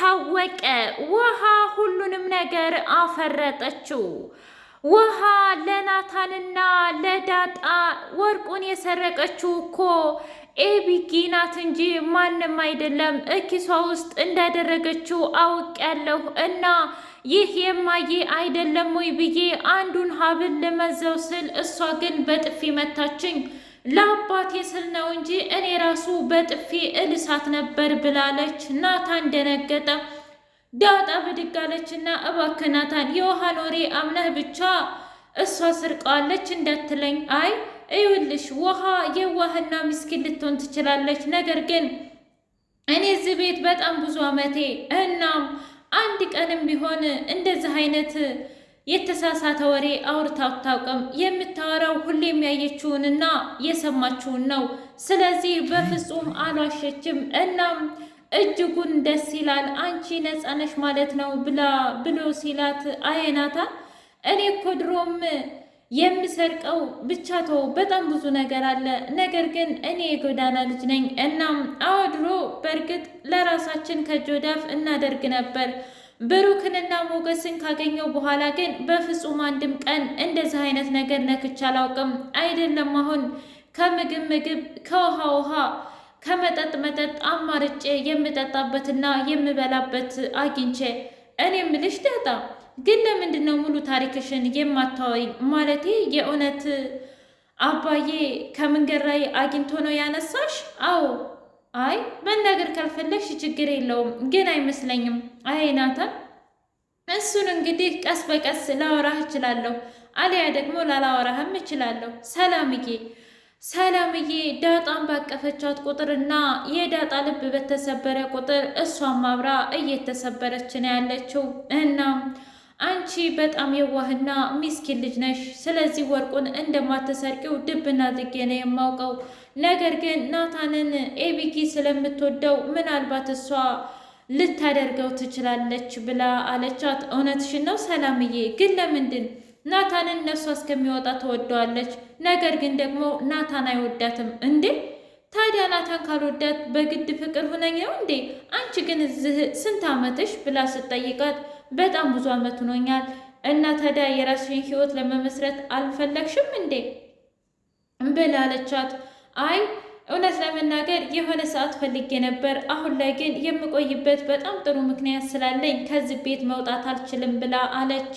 ታወቀ። ውሃ ሁሉንም ነገር አፈረጠችው። ውሃ ለናታንና ለዳጣ ወርቁን የሰረቀችው እኮ ኤቢጊ ናት እንጂ ማንም አይደለም። እኪሷ ውስጥ እንዳደረገችው አውቄያለሁ እና ይህ የማየ አይደለም ወይ ብዬ አንዱን ሀብል ልመዘው ስል እሷ ግን በጥፊ መታችኝ። ለአባቴ ስል ነው እንጂ እኔ ራሱ በጥፊ እልሳት ነበር ብላለች። ናታን ደነገጠ። ዳጣ ብድጋለች አለችና እባክህ ናታን የውሃን ወሬ አምነህ ብቻ እሷ ስርቀዋለች እንዳትለኝ። አይ እዩልሽ ውሃ የዋህና ምስኪን ልትሆን ትችላለች። ነገር ግን እኔ እዚህ ቤት በጣም ብዙ ዓመቴ እናም አንድ ቀንም ቢሆን እንደዚህ አይነት የተሳሳተ ወሬ አውርታ አታውቅም። የምታወራው ሁሌም ያየችውንና የሰማችውን ነው። ስለዚህ በፍጹም አልዋሸችም። እናም እጅጉን ደስ ይላል። አንቺ ነፃ ነሽ ማለት ነው ብላ ብሎ ሲላት አየናታ እኔ እኮ ድሮም የምሰርቀው ብቻ ተው፣ በጣም ብዙ ነገር አለ። ነገር ግን እኔ የጎዳና ልጅ ነኝ። እናም አዎ ድሮ በእርግጥ ለራሳችን ከእጅ ወደ አፍ እናደርግ ነበር ብሩክንና ሞገስን ካገኘው በኋላ ግን በፍጹም አንድም ቀን እንደዚህ አይነት ነገር ነክቼ አላውቅም። አይደለም አሁን ከምግብ ምግብ፣ ከውሃ ውሃ፣ ከመጠጥ መጠጥ አማርጬ የምጠጣበትና የምበላበት አግኝቼ። እኔ ምልሽ ዳጣ ግን ለምንድን ነው ሙሉ ታሪክሽን የማታወይ? ማለቴ የእውነት አባዬ ከመንገድ ላይ አግኝቶ ነው ያነሳሽ? አዎ አይ መናገር ካልፈለግሽ ችግር የለውም፣ ግን አይመስለኝም። አይ ናታን፣ እሱን እንግዲህ ቀስ በቀስ ላወራህ እችላለሁ፣ አሊያ ደግሞ ላላወራህም እችላለሁ። ሰላምዬ ሰላምዬ ዳጣን ባቀፈቻት ቁጥር እና የዳጣ ልብ በተሰበረ ቁጥር እሷም አብራ እየተሰበረች ነው ያለችው እና አንቺ በጣም የዋህና ሚስኪን ልጅ ነሽ። ስለዚህ ወርቁን እንደማትሰርቂው ድብና አድርጌ ነው የማውቀው። ነገር ግን ናታንን ኤቢኪ ስለምትወደው ምናልባት እሷ ልታደርገው ትችላለች ብላ አለቻት። እውነትሽን ነው ሰላምዬ፣ ግን ለምንድን ናታንን ነፍሷ እስከሚወጣ ትወደዋለች። ነገር ግን ደግሞ ናታን አይወዳትም እንዴ? ታዲያ ናታን ካልወዳት በግድ ፍቅር ሁነኝ ነው እንዴ? አንቺ ግን እዚህ ስንት ዓመትሽ ብላ ስትጠይቃት በጣም ብዙ ዓመት ሆኖኛል እና ታዲያ የራስሽን ህይወት ለመመስረት አልፈለግሽም እንዴ ብላለቻት። አይ እውነት ለመናገር የሆነ ሰዓት ፈልጌ ነበር። አሁን ላይ ግን የምቆይበት በጣም ጥሩ ምክንያት ስላለኝ ከዚህ ቤት መውጣት አልችልም ብላ አለች።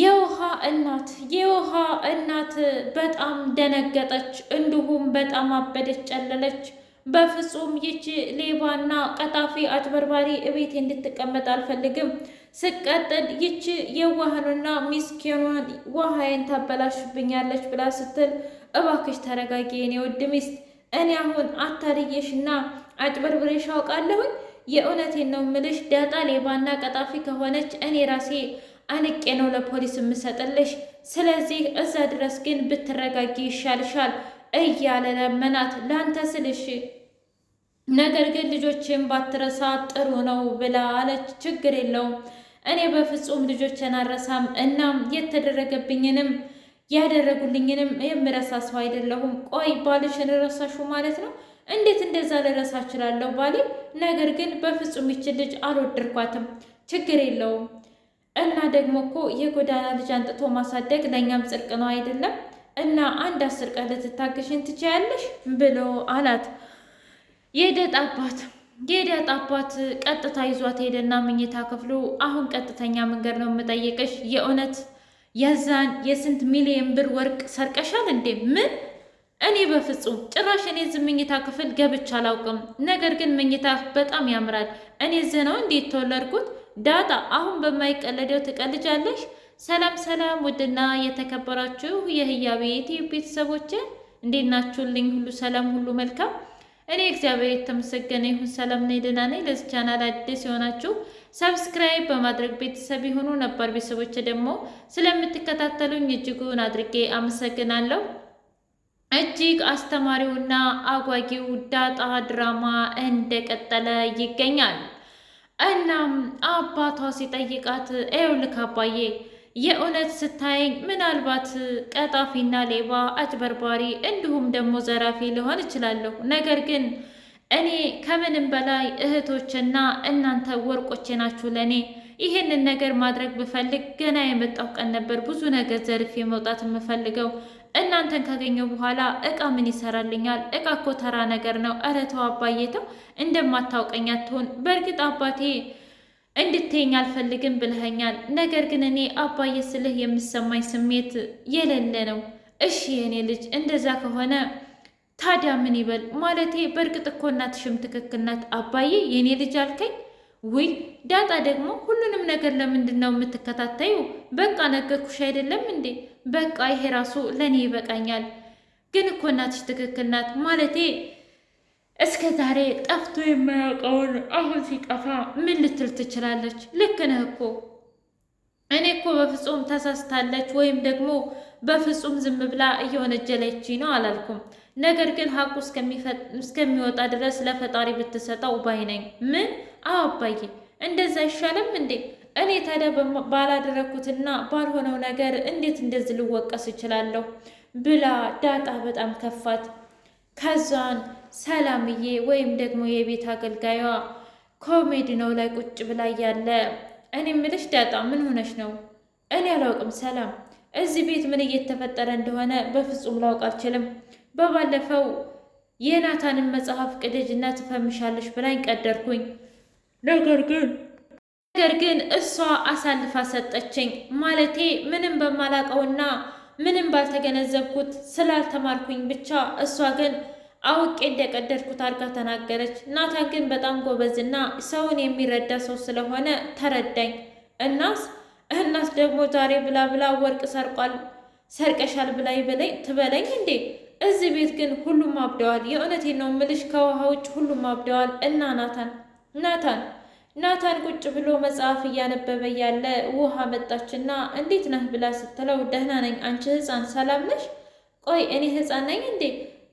የውሃ እናት የውሃ እናት በጣም ደነገጠች፣ እንዲሁም በጣም አበደች፣ ጨለለች። በፍጹም ይቺ ሌባና ቀጣፊ አጭበርባሪ እቤቴ እንድትቀመጥ አልፈልግም ስቀጥል ይቺ የዋህኑና ሚስኪኗን ውሃዬን ታበላሽብኛለች ብላ ስትል እባክሽ ተረጋጊ የኔ ውድ ሚስት፣ እኔ አሁን አታርየሽና አጭበርብሬሽ አውቃለሁኝ። የእውነቴን ነው ምልሽ፣ ዳጣ ሌባና ቀጣፊ ከሆነች እኔ ራሴ አንቄ ነው ለፖሊስ የምሰጥልሽ። ስለዚህ እዛ ድረስ ግን ብትረጋጊ ይሻልሻል እያለ ለመናት። ለአንተ ስልሽ ነገር ግን ልጆችን ባትረሳ ጥሩ ነው ብላ አለች። ችግር የለውም እኔ በፍጹም ልጆቼን አረሳም። እናም የተደረገብኝንም ያደረጉልኝንም የምረሳ ሰው አይደለሁም። ቆይ ባልሽን ረሳሹ ማለት ነው? እንዴት እንደዛ ልረሳ እችላለሁ? ባሌ ነገር ግን በፍጹም ይችን ልጅ አልወደድኳትም። ችግር የለውም እና ደግሞ እኮ የጎዳና ልጅ አንጥቶ ማሳደግ ለእኛም ጽድቅ ነው አይደለም? እና አንድ አስር ቀን ልትታገሽን ትችያለሽ ብሎ አላት የደጣባት። የዳጣ አባት ቀጥታ ይዟት ሄደና ምኝታ ክፍሉ አሁን ቀጥተኛ መንገድ ነው የምጠይቅሽ። የእውነት የዛን የስንት ሚሊዮን ብር ወርቅ ሰርቀሻል እንዴ? ምን? እኔ በፍጹም ጭራሽ እኔ እዚህ ምኝታ ክፍል ገብቼ አላውቅም። ነገር ግን ምኝታ በጣም ያምራል። እኔ እዚህ ነው እንዴ የተወለድኩት? ዳጣ አሁን በማይቀለደው ትቀልጃለሽ። ሰላም ሰላም! ውድና የተከበራችሁ የህያቤ ቤተሰቦቼ እንዴት ናችሁልኝ? ሁሉ ሰላም፣ ሁሉ መልካም እኔ እግዚአብሔር የተመሰገነ ይሁን ሰላም ነኝ፣ ደህና ነኝ። ለዚህ ቻናል አዲስ የሆናችሁ ሰብስክራይብ በማድረግ ቤተሰብ የሆኑ ነባር ቤተሰቦች ደግሞ ስለምትከታተሉኝ እጅጉን አድርጌ አመሰግናለሁ። እጅግ አስተማሪውና አጓጊው ዳጣ ድራማ እንደቀጠለ ይገኛል። እናም አባቷ ሲጠይቃት ይኸውልህ አባዬ የእውነት ስታየኝ ምናልባት ቀጣፊና ሌባ አጭበርባሪ እንዲሁም ደግሞ ዘራፊ ልሆን እችላለሁ። ነገር ግን እኔ ከምንም በላይ እህቶችና እናንተ ወርቆቼ ናችሁ ለእኔ። ይህንን ነገር ማድረግ ብፈልግ ገና የመጣውቀን ቀን ነበር ብዙ ነገር ዘርፌ መውጣት የምፈልገው። እናንተን ካገኘው በኋላ እቃ ምን ይሰራልኛል? እቃ እኮ ተራ ነገር ነው። እረ ተው አባዬ ተው፣ እንደማታውቀኝ አትሆን። በእርግጥ አባቴ እንድትይኝ አልፈልግም ብለኸኛል። ነገር ግን እኔ አባዬ ስልህ የምሰማኝ ስሜት የሌለ ነው። እሺ የእኔ ልጅ እንደዛ ከሆነ ታዲያ ምን ይበል? ማለቴ በእርግጥ እኮ እናትሽም ትክክል ናት። አባዬ የእኔ ልጅ አልከኝ? ውይ ዳጣ ደግሞ ሁሉንም ነገር ለምንድን ነው የምትከታተዩ? በቃ ነገርኩሽ አይደለም እንዴ? በቃ ይሄ ራሱ ለእኔ ይበቃኛል። ግን እኮ እናትሽ ትክክል ናት ማለቴ እስከ ዛሬ ጠፍቶ የማያውቀውን አሁን ሲጠፋ ምን ልትል ትችላለች? ልክ ነህ እኮ እኔ እኮ በፍጹም ተሳስታለች ወይም ደግሞ በፍጹም ዝም ብላ እየወነጀለች ነው አላልኩም። ነገር ግን ሀቁ እስከሚወጣ ድረስ ለፈጣሪ ብትሰጠው ባይ ነኝ። ምን አባዬ፣ እንደዛ አይሻልም እንዴ? እኔ ታዲያ ባላደረኩትና ባልሆነው ነገር እንዴት እንደዚህ ልወቀስ እችላለሁ? ብላ ዳጣ በጣም ከፋት። ከዛን ሰላምዬ ወይም ደግሞ የቤት አገልጋዩ ኮሜዲ ነው ላይ ቁጭ ብላ ያለ እኔ ምልሽ ዳጣ ምን ሆነሽ ነው? እኔ አላውቅም ሰላም፣ እዚህ ቤት ምን እየተፈጠረ እንደሆነ በፍጹም ላውቅ አልችልም። በባለፈው የናታንን መጽሐፍ ቅደጅና ትፈምሻለሽ ብላኝ ቀደርኩኝ። ነገር ግን ነገር ግን እሷ አሳልፋ ሰጠችኝ። ማለቴ ምንም በማላውቀውና ምንም ባልተገነዘብኩት ስላልተማርኩኝ ብቻ እሷ ግን አውቄ እንደቀደድኩት አድርጋ ተናገረች። ናታን ግን በጣም ጎበዝና ሰውን የሚረዳ ሰው ስለሆነ ተረዳኝ። እናስ እናስ ደግሞ ዛሬ ብላ ብላ ወርቅ ሰርቋል ሰርቀሻል ብላ ትበለኝ እንዴ? እዚህ ቤት ግን ሁሉም አብደዋል። የእውነቴ ነው ምልሽ፣ ከውሃ ውጭ ሁሉም አብደዋል። እና ናታን ናታን ናታን ቁጭ ብሎ መጽሐፍ እያነበበ ያለ ውሃ መጣችና እንዴት ነህ ብላ ስትለው ደህና ነኝ፣ አንቺ ህፃን ሰላም ነሽ? ቆይ እኔ ህፃን ነኝ እንዴ?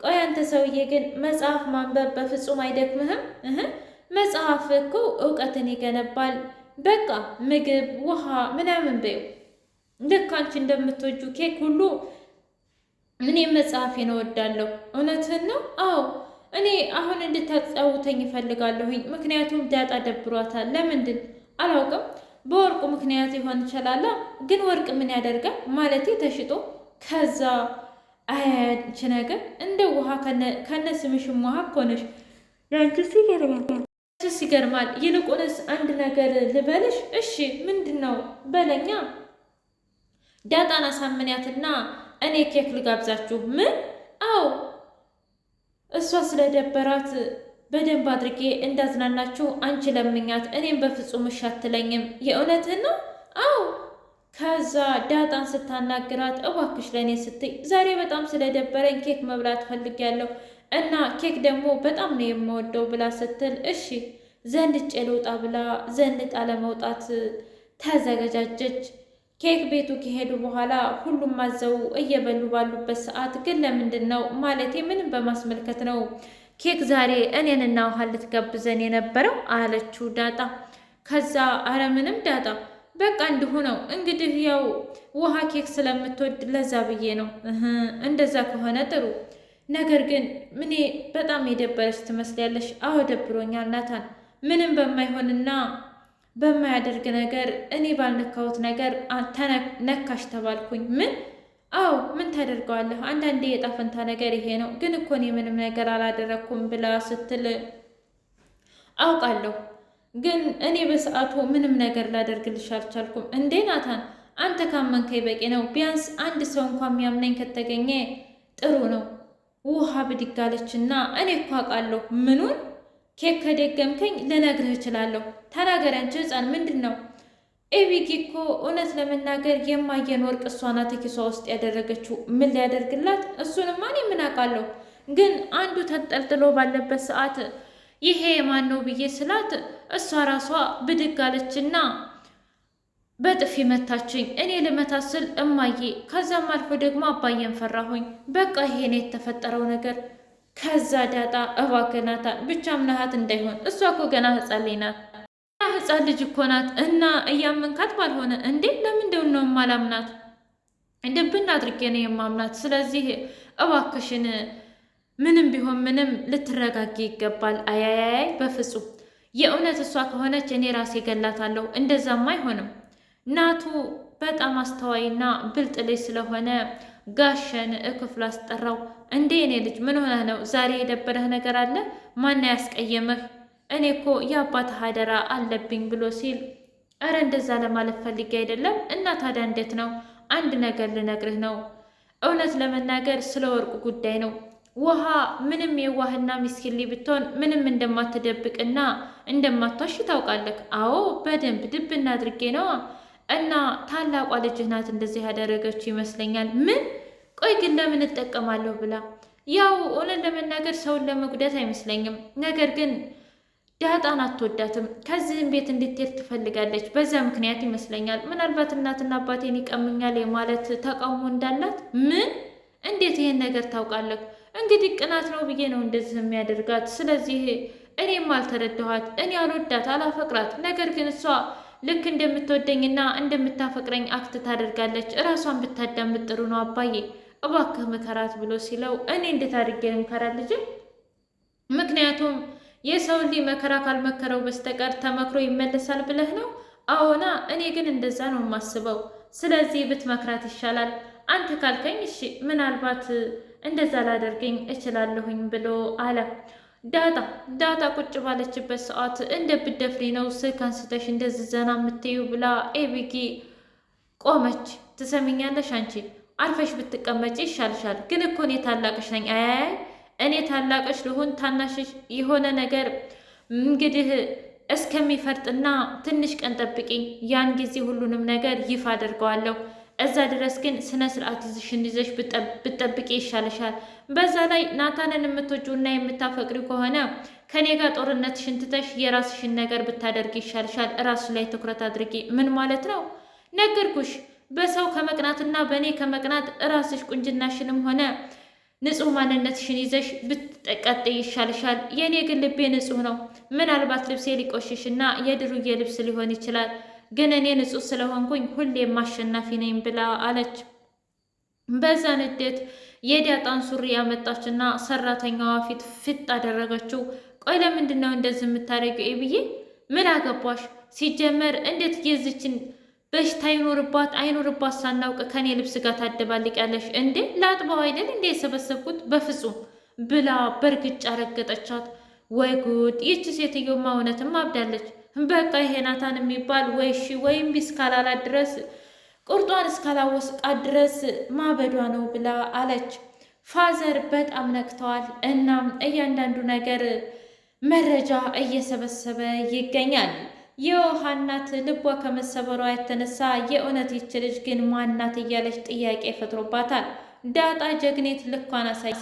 ቆይ አንተ ሰውዬ ግን መጽሐፍ ማንበብ በፍጹም አይደክምህም? እህ መጽሐፍ እኮ እውቀትን ይገነባል። በቃ ምግብ፣ ውሃ ምናምን በይው። ልክ አንቺ እንደምትወጁ ኬክ ሁሉ እኔም መጽሐፌን እወዳለሁ። እውነትህን ነው? አዎ እኔ አሁን እንድታጫውተኝ እፈልጋለሁኝ። ምክንያቱም ዳጣ ደብሯታል። ለምንድን አላውቅም። በወርቁ ምክንያት ይሆን ይችላል። ግን ወርቅ ምን ያደርጋል ማለት ተሽጦ ከዛ አያች ነገር እንደ ውሃ ከነ ስምሽም ውሃ እኮ ነሽ። ያንቺስ ይገርማል፣ ያንቺስ ይገርማል። ይልቁንስ አንድ ነገር ልበልሽ። እሺ ምንድን ነው በለኛ። ዳጣን አሳምንያትና እኔ ኬክ ልጋብዛችሁ። ምን? አዎ እሷ ስለደበራት በደንብ አድርጌ እንዳዝናናችሁ አንቺ ለምኛት፣ እኔም በፍጹም እሺ አትለኝም። የእውነትህን ነው? አዎ። ከዛ ዳጣን ስታናግራት እባክሽ ለእኔ ስትይ ዛሬ በጣም ስለደበረኝ ኬክ መብላት ፈልጊያለሁ እና ኬክ ደግሞ በጣም ነው የምወደው ብላ ስትል እሺ ዘንጬ ልውጣ ብላ ዘንጣ ለመውጣት ተዘገጃጀች። ኬክ ቤቱ ከሄዱ በኋላ ሁሉም አዘው እየበሉ ባሉበት ሰዓት ግን ለምንድን ነው ማለቴ ምንም በማስመልከት ነው ኬክ ዛሬ እኔንና ውሃ ልትጋብዘን የነበረው አለችው ዳጣ። ከዛ አረ ምንም ዳጣ በቃ እንዲሁ ነው እንግዲህ ያው ውሃ ኬክ ስለምትወድ ለዛ ብዬ ነው። እንደዛ ከሆነ ጥሩ ነገር ግን እኔ በጣም የደበረች ትመስላለሽ። አዎ ደብሮኛል ናታን ምንም በማይሆንና በማያደርግ ነገር እኔ ባልነካሁት ነገር ነካሽ ተባልኩኝ። ምን? አዎ ምን ታደርገዋለህ? አንዳንዴ የጣፈንታ ነገር ይሄ ነው። ግን እኮ እኔ ምንም ነገር አላደረግኩም ብላ ስትል አውቃለሁ፣ ግን እኔ በሰዓቱ ምንም ነገር ላደርግልሽ አልቻልኩም። እንዴ ናታን፣ አንተ ካመንከኝ በቂ ነው። ቢያንስ አንድ ሰው እንኳን የሚያምነኝ ከተገኘ ጥሩ ነው። ውሃ ብድጋለች እና እኔ እኮ አውቃለሁ ምኑን ኬክ ከደገምከኝ ልነግርህ እችላለሁ። ተናገር አንቺ ህፃን፣ ምንድን ነው? ኤቢጊ እኮ እውነት ለመናገር የማየን ወርቅ እሷ ናት ኪሷ ውስጥ ያደረገችው። ምን ሊያደርግላት? እሱንማ እኔ ምን አውቃለሁ። ግን አንዱ ተንጠልጥሎ ባለበት ሰዓት ይሄ የማን ነው ብዬ ስላት እሷ ራሷ ብድግ አለችና በጥፊ መታችኝ። እኔ ልመታስል ስል እማዬ፣ ከዛም አልፎ ደግሞ አባዬን ፈራሁኝ። በቃ ይሄ ነው የተፈጠረው ነገር። ከዛ ዳጣ እባክናታ ብቻ ምናሃት እንዳይሆን እሷ እኮ ገና ህፃን ልጅ ናት፣ ህፃን ልጅ እኮ ናት። እና እያመንካት ባልሆነ እንዴ ለምንድን ነው የማላምናት? ልብን አድርጌ ነው የማምናት። ስለዚህ እባክሽን ምንም ቢሆን ምንም ልትረጋጊ ይገባል። አያያያይ በፍጹም የእውነት እሷ ከሆነች እኔ ራሴ ገላታለሁ። እንደዛም አይሆንም። ናቱ በጣም አስተዋይና ብልጥ ልጅ ስለሆነ ጋሸን እክፍሉ አስጠራው። እንዴ እኔ ልጅ ምን ሆነህ ነው? ዛሬ የደበረህ ነገር አለ? ማን ያስቀየመህ? እኔ እኮ የአባትህ አደራ አለብኝ ብሎ ሲል እረ እንደዛ ለማለት ፈልጌ አይደለም። እና ታዲያ እንዴት ነው? አንድ ነገር ልነግርህ ነው። እውነት ለመናገር ስለ ወርቁ ጉዳይ ነው። ውሃ ምንም የዋህና ሚስኪሊ ብትሆን ምንም እንደማትደብቅና እንደማቷሽ ታውቃለህ። አዎ በደንብ ድብ እናድርጌ አድርጌ ነዋ እና ታላቋ ልጅህ ናት እንደዚህ ያደረገችው ይመስለኛል። ምን ቆይ ግን ለምን እጠቀማለሁ ብላ ያው እውነት ለመናገር ሰውን ለመጉዳት አይመስለኝም። ነገር ግን ዳጣን አትወዳትም። ከዚህም ቤት እንድትሄድ ትፈልጋለች። በዛ ምክንያት ይመስለኛል ምናልባት እናትና አባቴን ይቀምኛል የማለት ተቃውሞ እንዳላት። ምን እንዴት ይሄን ነገር ታውቃለህ? እንግዲህ ቅናት ነው ብዬ ነው እንደዚህ የሚያደርጋት። ስለዚህ እኔም አልተረዳኋት። እኔ አልወዳት፣ አላፈቅራት። ነገር ግን እሷ ልክ እንደምትወደኝና እንደምታፈቅረኝ አክት ታደርጋለች። እራሷን ብታዳምጥ ጥሩ ነው አባዬ፣ እባክህ ምከራት ብሎ ሲለው እኔ እንዴት አድርጌ ልምከራት ልጅ? ምክንያቱም የሰው ልጅ መከራ ካልመከረው በስተቀር ተመክሮ ይመለሳል ብለህ ነው? አዎና፣ እኔ ግን እንደዛ ነው የማስበው። ስለዚህ ብትመክራት ይሻላል አንተ ካልከኝ እሺ፣ ምናልባት እንደዛ ላደርገኝ እችላለሁኝ ብሎ አለ። ዳጣ ዳጣ ቁጭ ባለችበት ሰዓት እንደ ብደፍሪ ነው ስልክ አንስተሽ እንደዚህ ዘና የምትዩ ብላ ኤቢጊ ቆመች። ትሰሚኛለሽ አንቺ አርፈሽ ብትቀመጪ ይሻልሻል። ግን እኮ እኔ ታላቅሽ ነኝ። አያያይ እኔ ታላቅሽ ልሁን ታናሽሽ የሆነ ነገር እንግዲህ እስከሚፈርጥና ትንሽ ቀን ጠብቂኝ። ያን ጊዜ ሁሉንም ነገር ይፋ አድርገዋለሁ። እዛ ድረስ ግን ስነ ስርዓት ይዘሽን ይዘሽ ብጠብቂ ይሻልሻል። በዛ ላይ ናታንን የምትወጂውና የምታፈቅሪው ከሆነ ከኔ ጋር ሽንትተሽ ትተሽ የራስሽን ነገር ብታደርግ ይሻልሻል። ራስሽ ላይ ትኩረት አድርጊ። ምን ማለት ነው? ነገርኩሽ። በሰው ከመቅናትና በእኔ ከመቅናት ራስሽ ቁንጅናሽንም ሆነ ንጹህ ማንነትሽን ይዘሽ ብትጠቀጥ ይሻልሻል። የእኔ ግን ልቤ ንጹህ ነው። ምናልባት ልብሴ ሊቆሽሽ እና የድሩዬ ልብስ ሊሆን ይችላል ግን እኔ ንጹህ ስለሆንኩኝ ሁሌም አሸናፊ ነኝ ብላ አለች። በዛ ንዴት የዳጣን ሱሪ ያመጣችና ሰራተኛዋ ፊት ፍጥ አደረገችው። ቆይ ለምንድን ነው እንደዚህ የምታደርጊው ብዬ ምን አገባሽ? ሲጀመር እንዴት የዝችን በሽታ አይኖርባት አይኖርባት ሳናውቅ ከኔ ልብስ ጋር ታደባልቂያለሽ እንዴ? ለአጥባው አይደል እንዴ የሰበሰብኩት? በፍጹም ብላ በእርግጫ ረገጠቻት። ወይ ጉድ! ይቺ ሴትዮማ እውነትም አብዳለች። በቃ ይሄ ናታን የሚባል ወይ እሺ ወይም እስካላላት ድረስ ቁርጧን እስካላወስቃት ድረስ ማበዷ ነው ብላ አለች። ፋዘር በጣም ነክተዋል እናም እያንዳንዱ ነገር መረጃ እየሰበሰበ ይገኛል። የውሃናት ልቧ ከመሰበሯ የተነሳ የእውነት ይች ልጅ ግን ማናት እያለች ጥያቄ ፈጥሮባታል። ዳጣ ጀግኔት ልኳን አሳይ